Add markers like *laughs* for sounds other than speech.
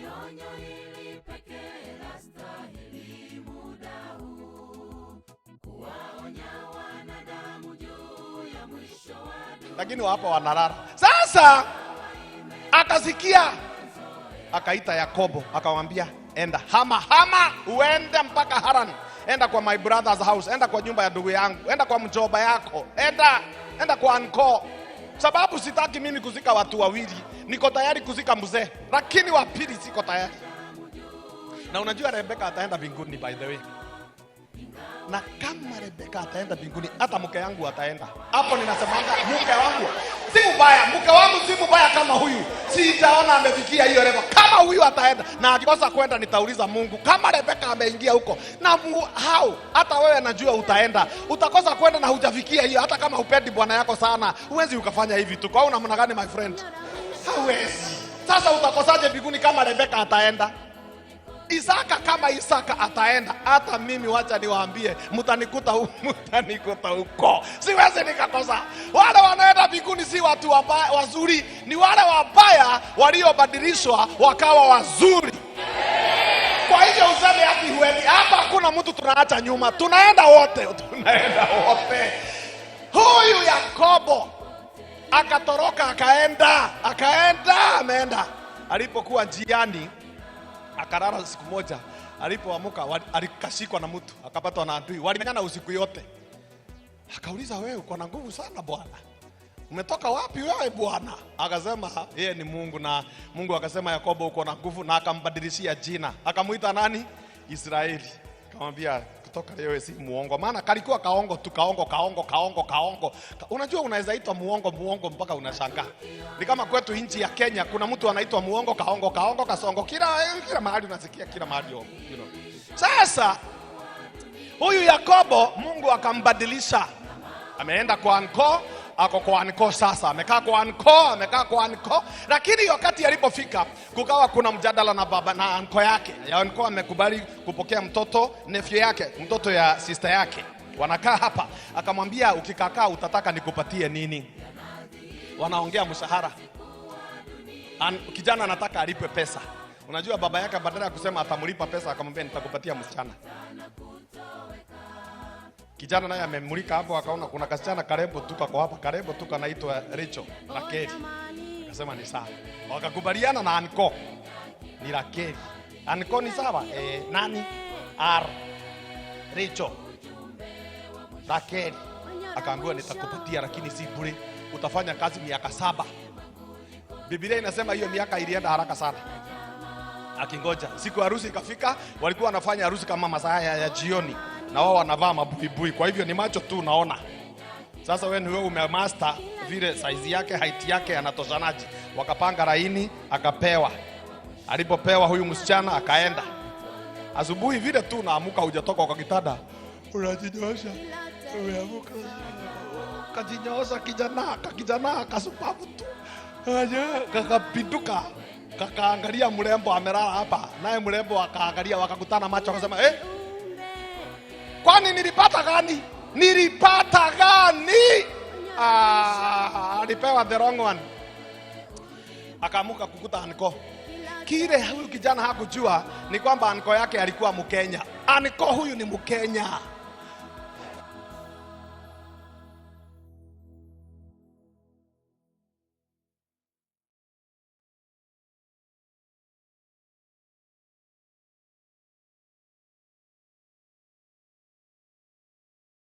onyo hili pekee muda huu kuwaonya wanadamu juu ya mwisho wa dunia. Lakini hapa wanalala. Sasa akasikia, akaita Yakobo akamwambia, enda hama hama, uende mpaka Haran, enda kwa my brother's house, enda kwa nyumba ya ndugu yangu, enda kwa mjomba yako, enda enda kwa anko, sababu sitaki mimi kuzika watu wawili niko tayari kuzika mzee, lakini wa pili siko tayari. Na unajua Rebeka ataenda mbinguni, by the way. Na kama Rebeka ataenda mbinguni, hata mke wangu ataenda hapo. Ninasemanga mke wangu si mbaya, mke wangu si mbaya kama huyu, sitaona amefikia hiyo level. Kama huyu ataenda na akikosa kwenda, nitauliza Mungu kama Rebeka ameingia huko na Mungu hao. Hata wewe najua utaenda, utakosa kwenda na hujafikia hiyo. Hata kama upendi bwana yako sana, huwezi ukafanya hivi tu. Kwa una namna gani, my friend? hawezi. Sasa utakosaje binguni kama Rebeka ataenda? Isaka kama Isaka ataenda, hata mimi wacha niwaambie, mtanikuta *laughs* mtanikuta huko, siwezi nikakosa. Wale wanaenda mbinguni si watu wabaya, wazuri, ni wale wabaya waliobadilishwa wakawa wazuri. Kwa hivyo useme ati huendi hapa, hakuna mtu tunaacha nyuma, tunaenda wote, *laughs* tunaenda wote. Huyu Yakobo akatoroka akaenda akaenda ameenda. Alipokuwa njiani akalala siku moja, alipoamuka alikashikwa na mtu akapatwa na adui, walimenyana usiku yote. Akauliza, wewe uko na nguvu sana bwana, umetoka wapi wewe bwana? Akasema yeye ni Mungu, na Mungu akasema, Yakobo uko na nguvu, na akambadilishia jina akamwita nani? Israeli. Akamwambia kutoka leo si muongo, maana kalikuwa kaongo tu, kaongo kaongo kaongo kaongo. Unajua unaweza itwa muongo muongo mpaka unashangaa. Ni kama kwetu nchi ya Kenya kuna mtu anaitwa muongo kaongo kaongo kasongo, kila kila mahali unasikia, kila mahali you know. Sasa huyu Yakobo Mungu akambadilisha, ameenda kwa anko ako kwa anko sasa, amekaa kwa anko, amekaa kwa anko. Lakini wakati alipofika kukawa kuna mjadala na baba na anko yake, ya anko amekubali kupokea mtoto nefyo yake, mtoto ya sister yake, wanakaa hapa. Akamwambia, ukikakaa utataka nikupatie nini? Wanaongea mshahara, kijana anataka alipwe pesa. Unajua baba yake badala ya kusema atamlipa pesa akamwambia, nitakupatia msichana Kijana naye amemulika hapo, akaona kuna kasichana karebo tuka kwa hapa karebo tuka naitwa Rachel Rakeli, akasema ni sawa, wakakubaliana na Anko ni Rakeli. Anko ni sawa eh, nani R Rachel Rakeli. Akaambiwa nitakupatia, lakini si bure, utafanya kazi miaka saba. Biblia inasema hiyo miaka ilienda haraka sana akingoja. Siku harusi ikafika, walikuwa wanafanya harusi kama masaa ya jioni na wao wanavaa mabuibui, kwa hivyo ni macho tu unaona. Sasa wewe wewe umemaster vile size yake height yake anatoshanaje? Wakapanga laini, akapewa. Alipopewa huyu msichana akaenda asubuhi, vile tu unaamuka, hujatoka kwa kitanda, unajinyosha, umeamuka kajinyosha, kijana kakijana kasupavu tu kakapinduka kakaangalia mrembo amelala hapa, naye mrembo akaangalia, wakakutana macho, akasema eh Kwani nilipata gani? Nilipata gani? Ah, alipewa the wrong one. Akaamuka kukuta anko. Kile huyu kijana hakujua ni kwamba anko yake alikuwa Mkenya. Anko huyu ni Mkenya.